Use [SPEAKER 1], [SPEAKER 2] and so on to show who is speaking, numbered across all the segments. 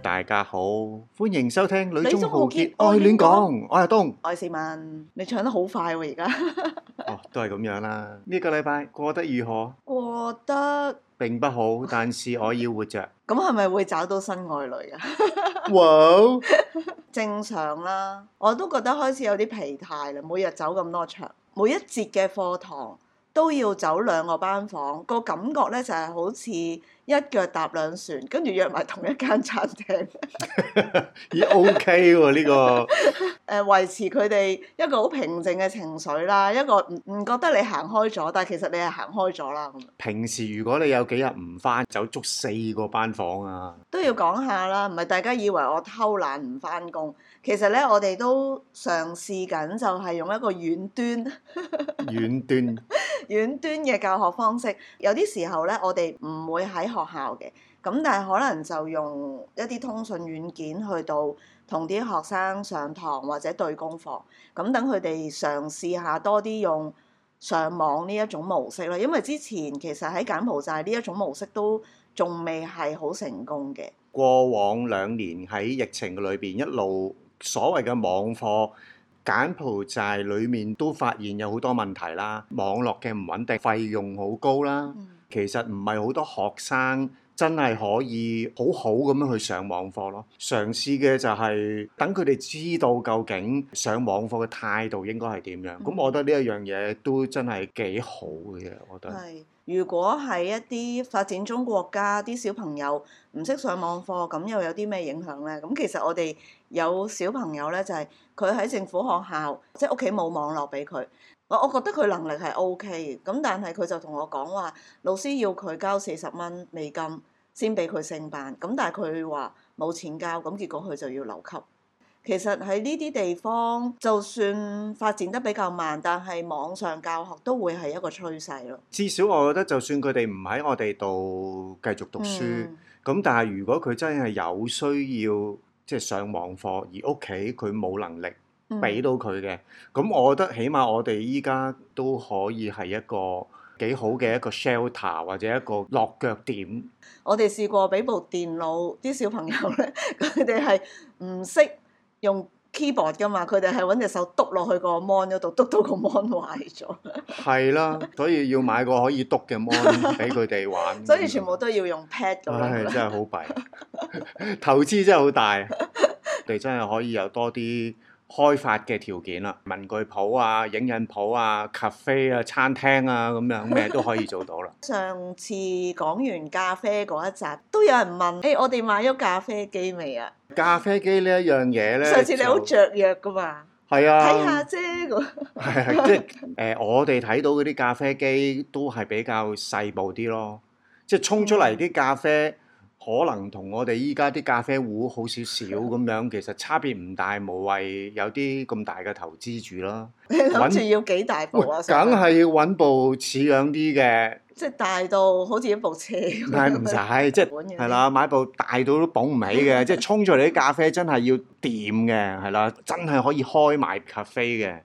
[SPEAKER 1] 大家好，歡迎收聽《女中豪傑愛亂講》，
[SPEAKER 2] 我係東，我係四文，你唱得好快喎而家，
[SPEAKER 1] 哦，都係咁樣啦。呢個禮拜過得如何？
[SPEAKER 2] 過得
[SPEAKER 1] 並不好，但是我要活着。
[SPEAKER 2] 咁係咪會找到新愛侶啊？哇，正常啦，我都覺得開始有啲疲態啦，每日走咁多場，每一節嘅課堂。都要走兩個班房，個感覺咧就係好似一腳踏兩船，跟住約埋同一間餐廳。
[SPEAKER 1] 咦 ？OK 喎、啊，呢、呢個
[SPEAKER 2] 誒、 呃、維持佢哋一個好平靜嘅情緒啦，一個唔唔覺得你行開咗，但係其實你係行開咗啦。
[SPEAKER 1] 平時如果你有幾日唔翻，走足四個班房啊，
[SPEAKER 2] 都要講下啦，唔係大家以為我偷懶唔翻工。其實咧，我哋都嘗試緊，就係用一個遠端，
[SPEAKER 1] 遠端，
[SPEAKER 2] 遠端嘅教學方式。有啲時候咧，我哋唔會喺學校嘅，咁但係可能就用一啲通訊軟件去到同啲學生上堂或者對功課，咁等佢哋嘗試下多啲用上網呢一種模式啦。因為之前其實喺柬埔寨呢一種模式都仲未係好成功嘅。
[SPEAKER 1] 過往兩年喺疫情嘅裏邊一路。所謂嘅網課柬埔寨就係裏面都發現有好多問題啦，網絡嘅唔穩定，費用好高啦。嗯、其實唔係好多學生真係可以好好咁樣去上網課咯。嘗試嘅就係等佢哋知道究竟上網課嘅態度應該係點樣。咁、嗯、我覺得呢一樣嘢都真係幾好嘅，我覺得。
[SPEAKER 2] 如果係一啲發展中國家啲小朋友唔識上網課，咁又有啲咩影響咧？咁其實我哋有小朋友咧，就係佢喺政府學校，即係屋企冇網絡俾佢。我我覺得佢能力係 OK，咁但係佢就同我講話，老師要佢交四十蚊美金先俾佢升班，咁但係佢話冇錢交，咁結果佢就要留級。其實喺呢啲地方，就算發展得比較慢，但係網上教學都會係一個趨勢咯。
[SPEAKER 1] 至少我覺得，就算佢哋唔喺我哋度繼續讀書，咁、嗯、但係如果佢真係有需要，即係上網課而屋企佢冇能力俾到佢嘅，咁、嗯、我覺得起碼我哋依家都可以係一個幾好嘅一個 shelter 或者一個落腳點。
[SPEAKER 2] 我哋試過俾部電腦啲小朋友咧，佢哋係唔識。用 keyboard 噶嘛，佢哋係搵隻手篤落去個 mon 嗰度，篤到個 mon 壞咗。
[SPEAKER 1] 係啦，所以要買個可以篤嘅 mon 俾佢哋玩。
[SPEAKER 2] 所以全部都要用 pad 咁樣。係，真係
[SPEAKER 1] 好弊， 投資真係好大。我哋 真係可以有多啲。開發嘅條件啦、啊，文具鋪啊、影印鋪啊、咖啡啊、餐廳啊咁樣，咩都可以做到啦。
[SPEAKER 2] 上次講完咖啡嗰一集，都有人問，誒、欸，我哋買咗咖啡機未啊？
[SPEAKER 1] 咖啡機一呢一樣嘢咧，上次你好
[SPEAKER 2] 雀躍㗎嘛？
[SPEAKER 1] 係 啊，睇下
[SPEAKER 2] 啫。係 啊，
[SPEAKER 1] 即係誒，我哋睇到嗰啲咖啡機都係比較細部啲咯，即係沖出嚟啲咖啡、嗯。可能同我哋依家啲咖啡壺好少少咁樣，其實差別唔大，無謂有啲咁大嘅投資住咯。
[SPEAKER 2] 你諗住要幾大部啊？梗係
[SPEAKER 1] 找喂要揾部似樣啲嘅，
[SPEAKER 2] 即係大到好似一部車。唔係唔使， 即係
[SPEAKER 1] 係啦，買部大到都捧唔起嘅，即係沖出嚟啲咖啡真係要掂嘅，係啦，真係可以開埋咖啡嘅。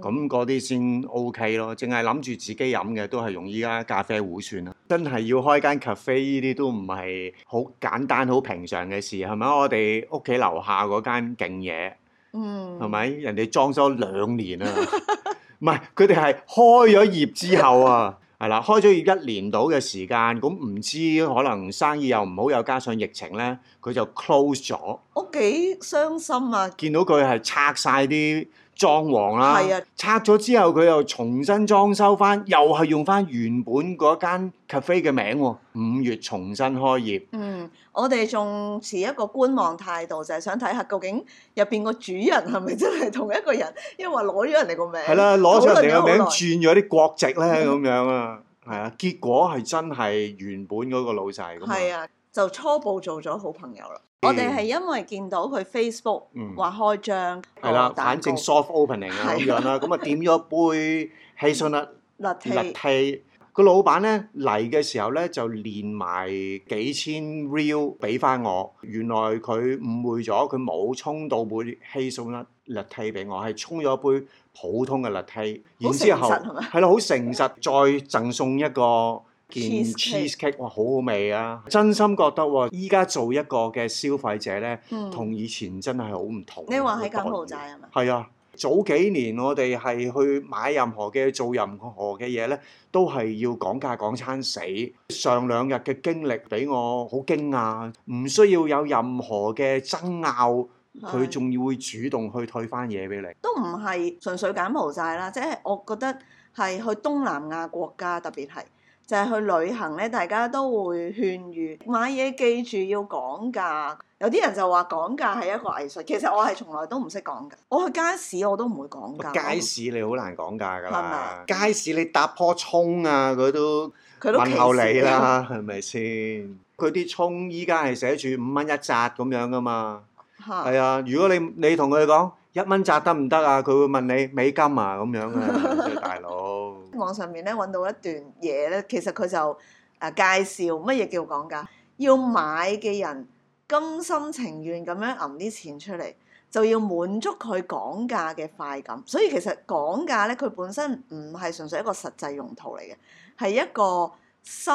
[SPEAKER 1] 咁嗰啲先 OK 咯，淨係諗住自己飲嘅都係用依家咖啡壺算啦。真係要開間 cafe 呢啲都唔係好簡單、好平常嘅事，係咪？我哋屋企樓下嗰間勁嘢，係咪、嗯？人哋裝修兩年啊，唔係佢哋係開咗業之後啊，係啦，開咗業一年到嘅時間，咁唔知可能生意又唔好，又加上疫情咧，佢就 close 咗。我
[SPEAKER 2] 幾傷心啊！
[SPEAKER 1] 見到佢係拆晒啲裝潢啦，係啊、拆咗之後佢又重新裝修翻，又係用翻原本嗰間 cafe 嘅名，五月重新開業。
[SPEAKER 2] 嗯，我哋仲持一個觀望態度，就係、係、想睇下究竟入邊個主人係咪真係同一個人，因為話攞咗人哋個名，係啦、啊，攞咗人哋個名
[SPEAKER 1] 轉咗啲國籍咧咁樣啊，係 啊，結果係真係原本嗰個老細咁
[SPEAKER 2] 啊。就初步做咗好朋友啦。我哋係因為見到佢 Facebook 話開張，係
[SPEAKER 1] 啦，反正 soft opening 咁樣啦。咁啊，點咗杯氣餸啊
[SPEAKER 2] ，latte
[SPEAKER 1] 個老闆咧嚟嘅時候咧，就連埋幾千 reel 俾翻我。原來佢誤會咗，佢冇沖到杯氣餸啊 latte 俾我，係沖咗一杯普通嘅 latte。好誠實係嘛？係咯，好誠實，再贈送一個。cheesecake 哇，好好味啊！真心覺得依家做一個嘅消費者呢，同、嗯、以前真係好唔同，啊。你話喺柬埔寨係咪？係啊，早幾年我哋係去買任何嘅做任何嘅嘢呢，都係要講價講餐死。上兩日嘅經歷俾我好驚訝，唔需要有任何嘅爭拗，
[SPEAKER 2] 佢仲
[SPEAKER 1] 要會主動去退翻嘢俾你。
[SPEAKER 2] 都唔係純粹柬埔寨啦，即、就、係、是、我覺得係去東南亞國家，特別係。就係去旅行咧，大家都會勸喻買嘢記住要講價。有啲人就話講價係一個藝術，其實我係從來都唔識講價。我去街市我都唔會講價。街
[SPEAKER 1] 市你好難講價㗎啦，是是街市你搭棵葱啊，佢都問候你啦，係咪先？佢啲葱依家係寫住五蚊一紮咁樣㗎嘛。
[SPEAKER 2] 係、嗯、
[SPEAKER 1] 啊，如果你你同佢講一蚊紮得唔得啊？佢會問你美金啊咁樣啊，大
[SPEAKER 2] 佬。 網上面咧揾到一段嘢咧，其實佢就誒介紹乜嘢叫講價，要買嘅人甘心情願咁樣揞啲錢出嚟，就要滿足佢講價嘅快感。所以其實講價咧，佢本身唔係純粹一個實際用途嚟嘅，係一個心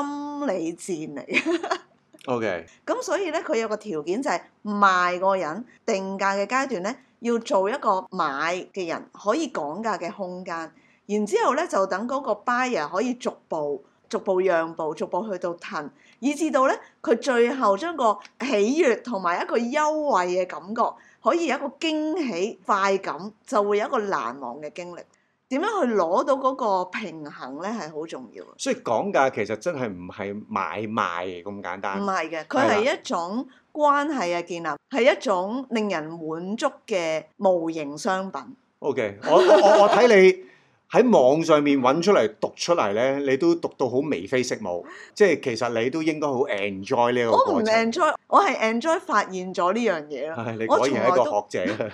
[SPEAKER 2] 理戰嚟嘅。OK，咁所以咧，佢有個條件就係賣個人定價嘅階段咧，要做一個買嘅人可以講價嘅空間。然之後咧，就等嗰個 buyer 可以逐步、逐步讓步、逐步去到騰，以至到咧，佢最後將個喜悅同埋一個優惠嘅感覺，可以有一個驚喜、快感，就會有一個難忘嘅經歷。點樣去攞到嗰個平衡咧，係好重要。
[SPEAKER 1] 所以講價其實真係唔係買賣咁簡單。唔
[SPEAKER 2] 係嘅，佢係一種關係嘅建立，係的一種令人滿足嘅無形商品。
[SPEAKER 1] OK，我我我睇你。 喺網上面揾出嚟讀出嚟咧，你都讀到好眉飛色舞，即係其實你都應該好 enjoy 呢個過程。我唔
[SPEAKER 2] enjoy，我係 enjoy 發現咗呢樣嘢咯。哎、你果然係一個學者，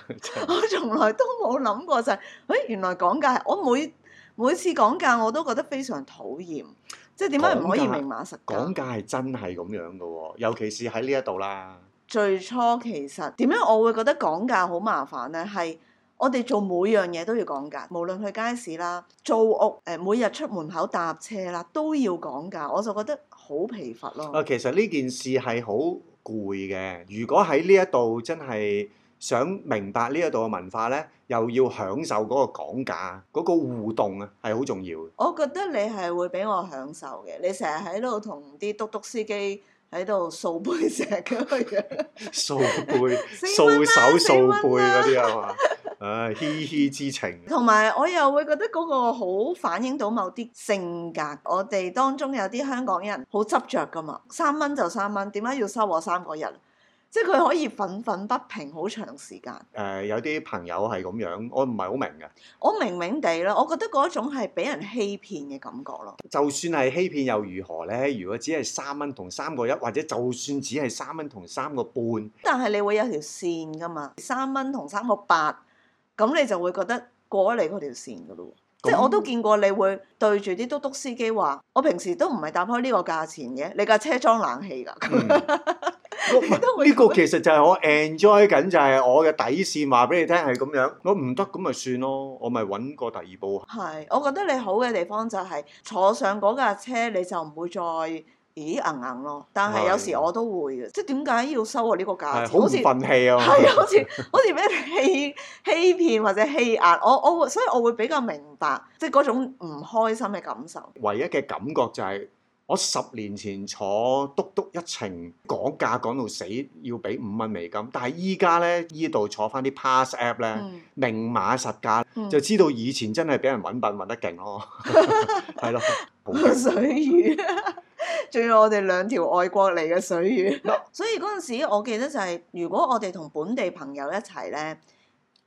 [SPEAKER 2] 我從來都冇諗 過就係，哎，原來講價係，我每每次講價我都覺得非常討厭，即係點解唔可以明碼實價？
[SPEAKER 1] 講價係真係咁樣嘅喎？尤其是喺呢一度啦。
[SPEAKER 2] 最初其實點樣我會覺得講價好麻煩咧，係。我哋做每樣嘢都要講價，無論去街市啦、租屋誒、呃、每日出門口搭車啦，都要講價。我就覺得好疲乏咯。
[SPEAKER 1] 啊，其實呢件事係好攰嘅。如果喺呢一度真係想明白呢一度嘅文化呢，又要享受嗰個講價嗰、嗰個互動啊，係好重要嘅。
[SPEAKER 2] 我覺得你係會俾我享受嘅。你成日喺度同啲嘟嘟司機喺度掃杯石咁樣
[SPEAKER 1] 掃 背、掃、啊、手掃背嗰啲係咪？唉，uh, 嘻嘻之情。
[SPEAKER 2] 同埋，我又會覺得嗰個好反映到某啲性格。我哋當中有啲香港人好執着噶嘛，三蚊就三蚊，點解要收我三個一？即係佢可以憤憤不平好長時間。
[SPEAKER 1] 誒，uh, 有啲朋友係咁樣，我唔係好明嘅。
[SPEAKER 2] 我明明地咯，我覺得嗰種係俾人欺騙嘅感覺咯。
[SPEAKER 1] 就算係欺騙又如何呢？如果只係三蚊同三個一，或者就算只係三蚊同三個半，
[SPEAKER 2] 但係你會有條線噶嘛？三蚊同三個八。咁你就會覺得過咗你嗰條線噶咯，樣即係我都見過你會對住啲嘟嘟司機話：我平時都唔係搭開呢個價錢嘅，你架車裝冷氣㗎。呢、 嗯、
[SPEAKER 1] 個其實就係我 enjoy 緊，就係我嘅底線話俾你聽係咁樣。我唔得咁咪算咯，我咪揾個第二部。
[SPEAKER 2] 係，我覺得你好嘅地方就係、是、坐上嗰架車你就唔會再。咦硬硬咯，但係有時我都會嘅，即係點解要收啊，呢個價？係好唔憤氣啊！好似好似咩欺欺騙或者欺壓，我我所以我會比較明白，即係嗰種唔開心嘅感受。
[SPEAKER 1] 唯一嘅感覺就係、是、我十年前坐篤篤一程講價講到死，要俾五蚊美金，但係依家咧依度坐翻啲 Pass App 咧，明碼、嗯、實價，嗯、就知道以前真係俾人揾笨揾得勁咯、哦，係 咯，水
[SPEAKER 2] 魚。 仲要我哋兩條外國嚟嘅水魚， 所以嗰陣時我記得就係、是，如果我哋同本地朋友一齊呢，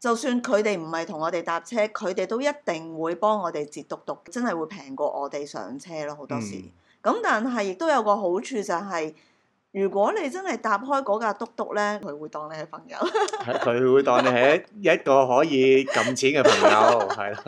[SPEAKER 2] 就算佢哋唔係同我哋搭車，佢哋都一定會幫我哋截嘟嘟，真係會平過我哋上車咯，好多時。咁、嗯、但係亦都有個好處就係、是，如果你真係搭開嗰架嘟嘟呢，佢會當你係朋友，
[SPEAKER 1] 佢 會當你係一個可以撳錢嘅朋友，係
[SPEAKER 2] 啦。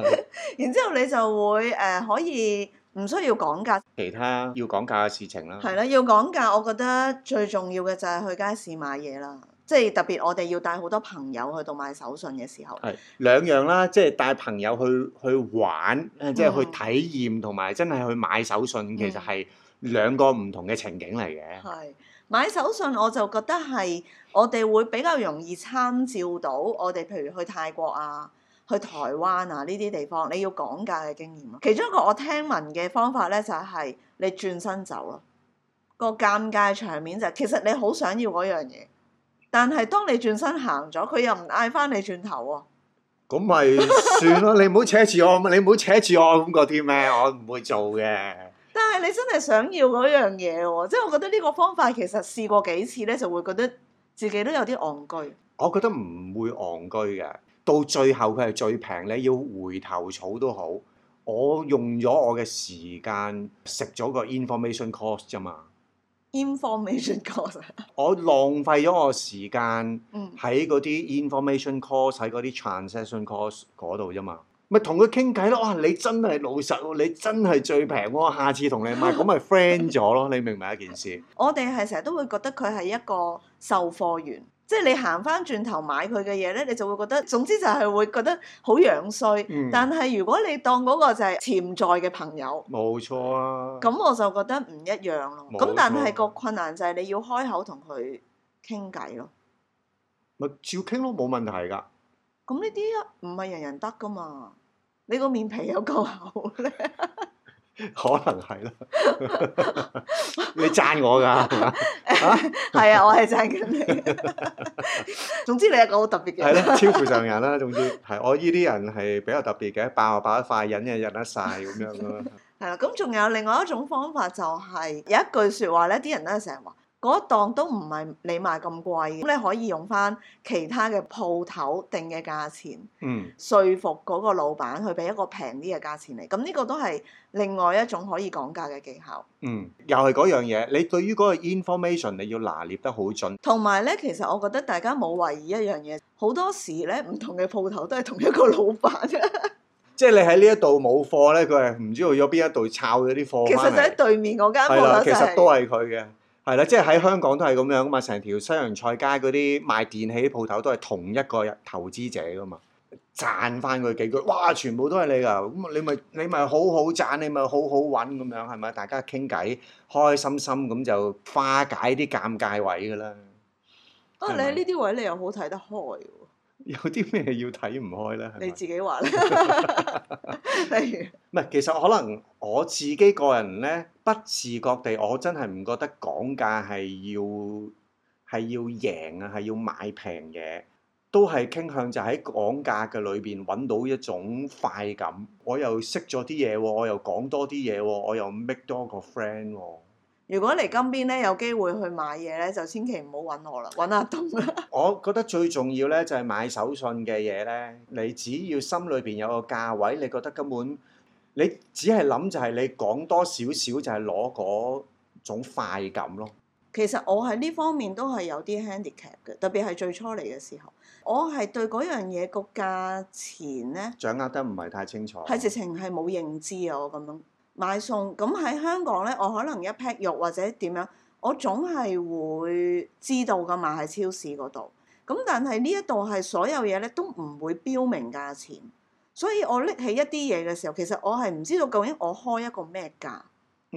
[SPEAKER 2] 然之後你就會誒、呃、可以。唔需要講價，
[SPEAKER 1] 其他要講價嘅事情啦。係
[SPEAKER 2] 啦、啊，要講價，我覺得最重要嘅就係去街市買嘢啦。即、就、係、是、特別，我哋要帶好多朋友去到買手信嘅時候。係
[SPEAKER 1] 兩樣啦，即、就、係、是、帶朋友去去玩，即、就、係、是、去體驗同埋真係去買手信，其實係兩個唔同嘅情景嚟嘅。係
[SPEAKER 2] 買手信，我就覺得係我哋會比較容易參照到我哋，譬如去泰國啊。去台灣啊，呢啲地方你要講價嘅經驗咯、啊。其中一個我聽聞嘅方法咧，就係、是、你轉身走咯、啊。個尷尬場面就係、是、其實你好想要嗰樣嘢，但係當你轉身行咗，佢又唔嗌翻你轉頭喎、啊。
[SPEAKER 1] 咁咪算啦，你唔好扯， 扯住我，你唔好扯住我咁啲咩，我唔會做嘅。
[SPEAKER 2] 但係你真係想要嗰樣嘢喎、啊，即係我覺得呢個方法其實試過幾次咧，就會覺得自己都有啲戇居。
[SPEAKER 1] 我覺得唔會戇居嘅。到最後佢係最平，你要回頭草都好。我用咗我嘅時間食咗個 information cost 啫嘛。
[SPEAKER 2] information cost，course.
[SPEAKER 1] 我浪費咗我時間喺嗰啲 information cost 喺嗰啲 transaction cost 嗰度啫嘛。咪同佢傾偈咯。哇！你真係老實喎，你真係最平喎。我下次同你買咁咪 friend 咗咯。 你明唔明一件事？
[SPEAKER 2] 我哋係成日都會覺得佢係一個售貨員。即係你行翻轉頭買佢嘅嘢咧，你就會覺得，總之就係會覺得好樣衰。嗯、但係如果你當嗰個就係潛在嘅朋友，
[SPEAKER 1] 冇錯啊。咁
[SPEAKER 2] 我就覺得唔一樣咯。咁、啊、但係個困難就係你要開口同佢傾偈咯。
[SPEAKER 1] 咪照傾咯，冇問題㗎。
[SPEAKER 2] 咁呢啲唔係人人得噶嘛？你個面皮有夠厚咧。
[SPEAKER 1] 可能係啦， 你讚我噶，
[SPEAKER 2] 係嘛？係啊，我係讚緊你。總之你係一個好特別嘅人。係 啦，超乎
[SPEAKER 1] 常人啦。 總之係我依啲人係比較特別嘅，爆就爆得快，忍就忍得晒咁樣咯。
[SPEAKER 2] 係啦， 咁仲有另外一種方法就係、是、有一句説話咧，啲人咧成日話。嗰檔都唔係你賣咁貴，咁你可以用翻其他嘅鋪頭定嘅價錢，説、嗯、服嗰個老闆去俾一個平啲嘅價錢嚟。咁呢個都係另外一種可以講價嘅技巧。嗯，
[SPEAKER 1] 又係嗰樣嘢，你對於嗰個 information 你要拿捏得好準。
[SPEAKER 2] 同埋咧，其實我覺得大家冇懷疑一樣嘢，好多時咧唔同嘅鋪頭都係同一個老闆啊。
[SPEAKER 1] 即係你喺呢一度冇貨咧，佢係唔知道有邊一度抄咗啲貨。其實就喺
[SPEAKER 2] 對面嗰間鋪頭，其實都係
[SPEAKER 1] 佢嘅。係啦，即係喺香港都係咁樣噶嘛，成條西洋菜街嗰啲賣電器啲鋪頭都係同一個投資者噶嘛，讚返佢幾句，哇！全部都係你噶，咁你咪你咪好好賺，你咪好好揾咁樣，係咪？大家傾偈，開開心心咁就化解啲尷尬位噶啦。不過，你喺呢
[SPEAKER 2] 啲位你又好睇得開。
[SPEAKER 1] 有啲咩要睇唔開咧？你自己話咧，唔係，其實可能我自己個人咧，不自覺地，我真係唔覺得講價係要係要贏啊，係要買平嘢，都係傾向就喺講價嘅裏邊揾到一種快感。我又識咗啲嘢喎，我又講多啲嘢喎，我又 make 多個 friend 喎。
[SPEAKER 2] 如果嚟金邊咧有機會去買嘢咧，就千祈唔好揾我啦，揾阿東啦。
[SPEAKER 1] 我覺得最重要咧就係買手信嘅嘢咧，你只要心裏邊有個價位，你覺得根本你只係諗就係你講多少少就係攞嗰種快感咯。
[SPEAKER 2] 其實我喺呢方面都係有啲 handicap 嘅，特別係最初嚟嘅時候，我係對嗰樣嘢個價錢咧
[SPEAKER 1] 掌握得唔係太清楚，係直
[SPEAKER 2] 情係冇認知啊！我咁樣。買餸咁喺香港呢，我可能一 pack 肉或者點樣，我總係會知道㗎買喺超市嗰度。咁但係呢一度係所有嘢呢都唔會標明價錢，所以我拎起一啲嘢嘅時候，其實我係唔知道究竟我開一個咩價，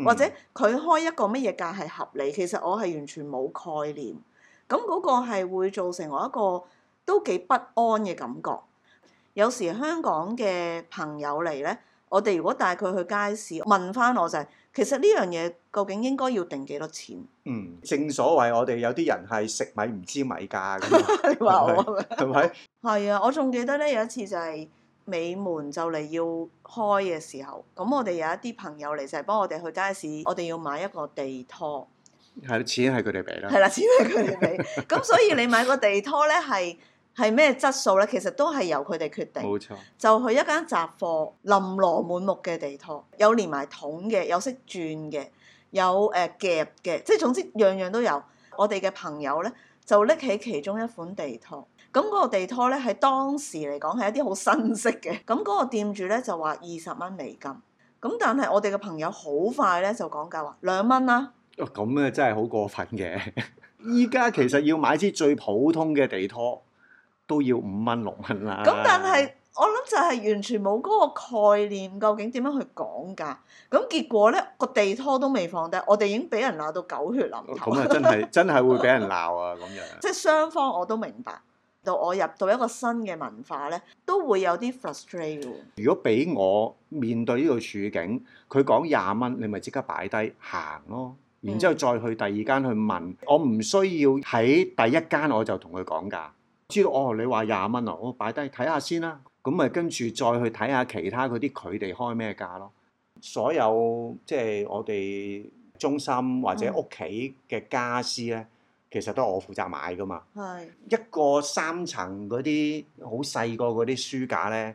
[SPEAKER 2] 或者佢開一個乜嘢價係合理。其實我係完全冇概念，咁嗰個係會造成我一個都幾不安嘅感覺。有時香港嘅朋友嚟呢。我哋如果帶佢去街市，問翻我就係、是，其實呢樣嘢究竟應該要定幾多錢？嗯，
[SPEAKER 1] 正所謂我哋有啲人係食米唔知米價㗎嘛。 你話說我係
[SPEAKER 2] 咪？係 啊，我仲記得呢有一次就係尾門就嚟要開嘅時候，咁我哋有一啲朋友嚟就係幫我哋去街市，我哋要買一個地拖。
[SPEAKER 1] 係、啊，錢係佢哋俾啦。係啦、啊，錢
[SPEAKER 2] 係佢哋俾，咁 所以你買個地拖呢係。係咩質素咧？其實都係由佢哋決定。冇錯。就去一間雜貨，琳琅滿目嘅地拖，有連埋桶嘅，有識轉嘅，有誒、呃、夾嘅，即係總之樣樣都有。我哋嘅朋友咧，就拎起其中一款地拖。咁嗰個地拖咧，喺當時嚟講係一啲好新式嘅。咁嗰個店主咧就話二十蚊美金。咁但係我哋嘅朋友好快咧就講價話兩蚊啦。
[SPEAKER 1] 咁啊、哦、真係好過分嘅！依 家其實要買支最普通嘅地拖。都要五蚊六蚊啦。咁但係
[SPEAKER 2] 我諗就係完全冇嗰個概念，究竟點樣去講價？咁結果呢個地拖都未放低，我哋已經俾人鬧到狗血淋頭。咁啊，真係真係會俾人鬧
[SPEAKER 1] 啊！咁樣即
[SPEAKER 2] 係雙方我都明白，到我入到一個新嘅文化呢，都會有啲 frustrate。
[SPEAKER 1] 如果俾我面對呢個處境，佢講廿蚊，你咪即刻擺低行咯，然之後再去第二間去問。我唔需要喺第一間我就同佢講價。知道哦，你話廿蚊啊，我擺低睇下先啦。咁咪跟住再去睇下其他嗰啲，佢哋開咩價咯。所有即係、就是、我哋中心或者屋企嘅家私咧，嗯、其實都係我負責買噶嘛。係是一個三層嗰啲好細個嗰啲書架咧，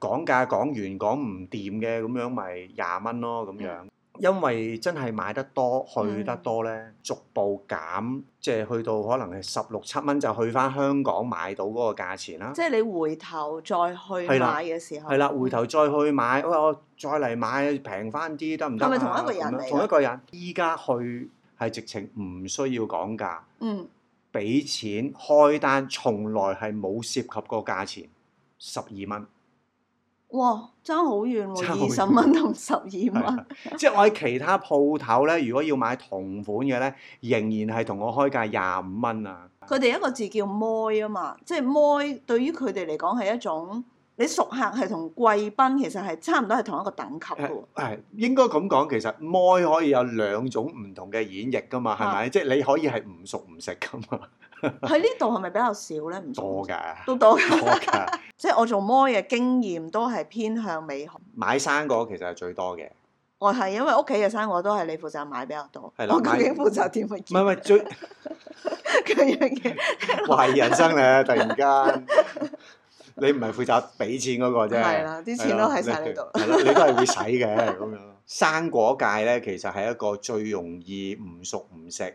[SPEAKER 1] 講價講完講唔掂嘅咁樣，咪廿蚊咯咁樣。因為真係買得多去得多呢，逐步減，即係去到可能係十六七蚊就去翻香港買到嗰個價錢啦。即係你
[SPEAKER 2] 回頭再去買嘅時候，係啦，
[SPEAKER 1] 回頭再去買，餵、哎、我再嚟買平翻啲得唔得？係咪同一個人嚟、啊？同一個人，依家去係直情唔需要講價，嗯，俾錢開單，從來係冇涉及過價錢，十二蚊。
[SPEAKER 2] 哇，爭好遠喎！二十蚊同十二蚊，
[SPEAKER 1] 即係我喺其他鋪頭咧，如果要買同款嘅咧，仍然係同我開價廿五蚊啊！
[SPEAKER 2] 佢哋一個字叫 my 啊嘛，即係 my 對於佢哋嚟講係一種，你熟客係同貴賓其實係差唔多係同一個等級嘅喎。
[SPEAKER 1] 係應該咁講，其實 my 可以有兩種唔同嘅演繹噶嘛，係咪？即係的你可以係唔熟唔食噶嘛。喺呢
[SPEAKER 2] 度係咪比較少咧？唔多噶，都多噶。多的 即係我做摩嘢經驗都係偏向美紅。
[SPEAKER 1] 買生果其實係最多嘅。
[SPEAKER 2] 我係因為屋企嘅生果都係你負責買比較多。係啦，究竟負責點樣？唔係唔係最
[SPEAKER 1] 嗰樣嘢。我係 一 人生咧，突然間你唔係負責俾錢嗰個啫。係啦，啲錢都喺晒呢度。係咯，你都係會使嘅咁樣。生果界咧，其實係一個最容易唔熟唔食。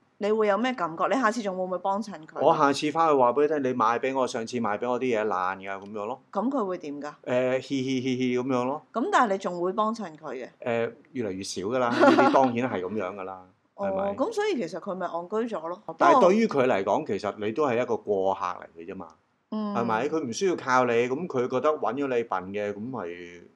[SPEAKER 2] 你會有咩感覺？你下次仲會唔會幫襯佢？我下
[SPEAKER 1] 次翻去話俾你聽，你買俾我上次買俾我啲嘢爛㗎，咁樣咯。
[SPEAKER 2] 咁佢會點㗎？誒、
[SPEAKER 1] 呃，嘻嘻嘻嘻咁樣咯。
[SPEAKER 2] 咁但係你仲會幫襯佢嘅？
[SPEAKER 1] 誒、呃，越嚟越少㗎啦。呢啲 當然係咁樣㗎啦，係咪、
[SPEAKER 2] 哦？咁、哦、所以其實佢咪安居戇居咗咯。但係對於
[SPEAKER 1] 佢嚟講，其實你都係一個過客嚟嘅啫嘛，係咪、嗯？佢唔需要靠你，咁佢覺得揾咗你笨嘅，咁咪、就是。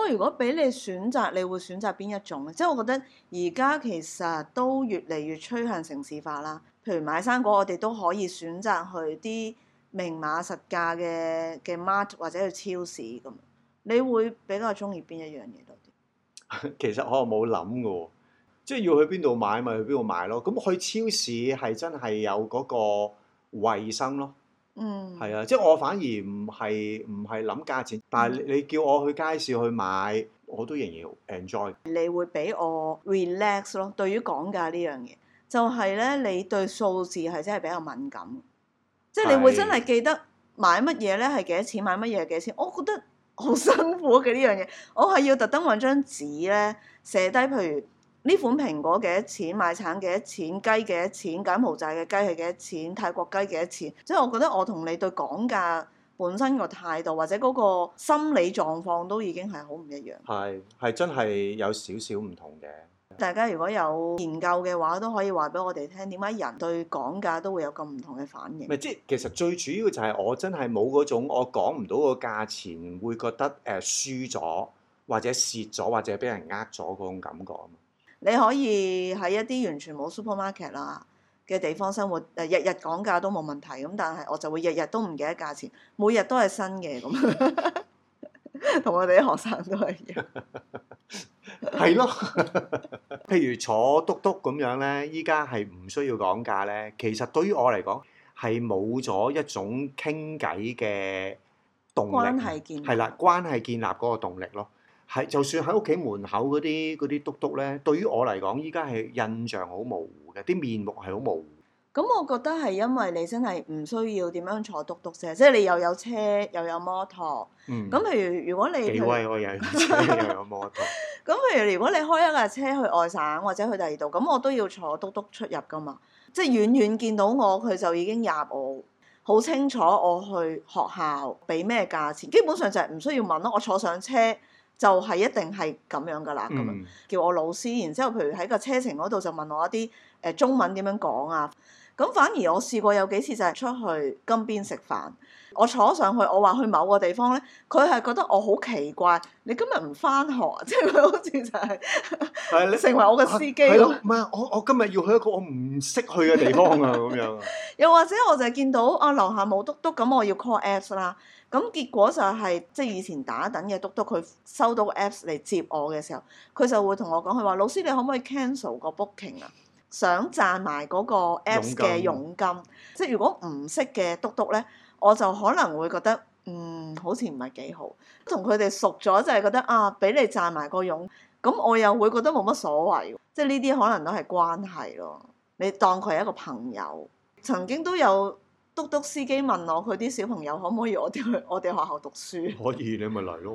[SPEAKER 2] 我如果俾你選擇，你會選擇邊一種咧？即係我覺得而家其實都越嚟越趨向城市化啦。譬如買生果，我哋都可以選擇去啲明碼實價嘅嘅 mart 或者去超市咁。你會比較中意邊一樣嘢多啲？
[SPEAKER 1] 其實我又冇諗嘅，即係要去邊度買咪去邊度買咯。咁去超市係真係有嗰個衞生咯。嗯，係啊，即係我反而唔係唔係諗價錢，但係你、嗯、你叫我去街市去買，
[SPEAKER 2] 我都仍然 enjoy。你會俾我 relax 咯，對於講價呢樣嘢，就係咧，你對數字係真係比較敏感，即係你會真係記得買乜嘢咧係幾多錢，買乜嘢幾多錢，我覺得好辛苦嘅呢樣嘢，我係要特登揾張紙咧寫低，譬如，呢款蘋果幾多錢？買橙幾多錢？雞幾多錢？柬埔寨嘅雞係幾多錢？泰國雞幾多錢？即係我覺得我同你對講價本身個態度，或者嗰個心理狀況都已經係好唔一樣。
[SPEAKER 1] 係係真係有少少唔同嘅。
[SPEAKER 2] 大家如果有研究嘅話，都可以話俾我哋聽點解人對講價都會有咁唔同嘅反應。唔係即
[SPEAKER 1] 係其實最主要就係我真係冇嗰種我講唔到個價錢會覺得誒輸咗，或者蝕咗，或者俾人呃咗嗰種感覺啊嘛。
[SPEAKER 2] 你可以喺一啲完全冇 supermarket 啦嘅地方生活，誒日日講價都冇問題咁，但係我就會日日都唔記得價錢，每日都係新嘅咁，同我哋啲學生都係一樣，
[SPEAKER 1] 係咯。 譬如坐篤篤咁樣咧，依家係唔需要講價咧。其實對於我嚟講係冇咗一種傾偈嘅動力，關係建立，係啦，關係建立嗰個動力咯。係，就算喺屋企門口嗰啲嗰啲嘟嘟咧，對於我嚟講，依家係印象好模糊嘅，啲面目係好模糊。
[SPEAKER 2] 咁我覺得係因為你真係唔需要點樣坐嘟嘟車，即係你又有車又有摩托。嗯。咁譬如如果你幾我有有 又有摩托。咁 譬如如果你開一架車去外省或者去第二度，咁我都要坐嘟嘟出入噶嘛。即係遠遠見到我，佢就已經入我，好清楚我去學校俾咩價錢。基本上就係唔需要問咯，我坐上車，就係一定係咁樣㗎喇，咁樣、mm. 叫我老師，然之後譬如喺個車程嗰度就問我一啲誒中文點樣講啊，咁反而我試過有幾次就係出去金邊食飯。我坐上去，我話去某個地方咧，佢係覺得我好奇怪。你今日唔翻學，即係佢好似就係，係
[SPEAKER 1] 你成為我嘅司機咯。唔係、啊，我我今日要去一個我唔識去嘅地方啊，咁樣。
[SPEAKER 2] 又或者我就係見到啊，樓下冇嘟嘟，咁、嗯、我要 call apps 啦。咁結果就係、是，即係以前打等嘅嘟嘟，佢收到個 apps 嚟接我嘅時候，佢就會同我講，佢話老師你可唔可以 cancel 個 booking 啊？想賺埋嗰個 apps 嘅佣金，金即係如果唔識嘅嘟嘟咧。我就可能會覺得，嗯，好似唔係幾好。同佢哋熟咗就係、是、覺得啊，俾你讚埋個佣，咁我又會覺得冇乜所謂。即係呢啲可能都係關係咯。你當佢係一個朋友。曾經都有嘟嘟司機問我，佢啲小朋友可唔可以我啲去我哋學校讀書？可以，你咪嚟咯，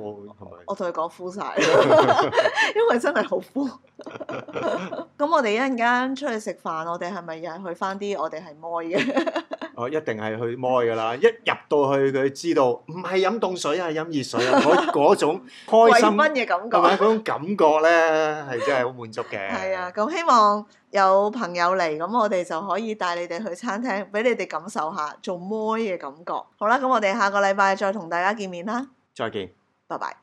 [SPEAKER 2] 我同佢講呼晒」是是， 因為真係好呼。咁 我哋一陣間出去食飯，我哋係咪又係去翻啲我哋係愛嘅？
[SPEAKER 1] 哦，一定係去摸嘅啦，一入到去佢知道，唔係飲凍水啊，飲熱水啊，嗰嗰種開心嘅感覺，係咪嗰種感覺咧，係真係好滿足嘅。係
[SPEAKER 2] 啊，咁希望有朋友嚟，咁我哋就可以帶你哋去餐廳，俾你哋感受下做摸嘅感覺。好啦，咁我哋下個禮拜再同大家見面啦。再見，拜拜。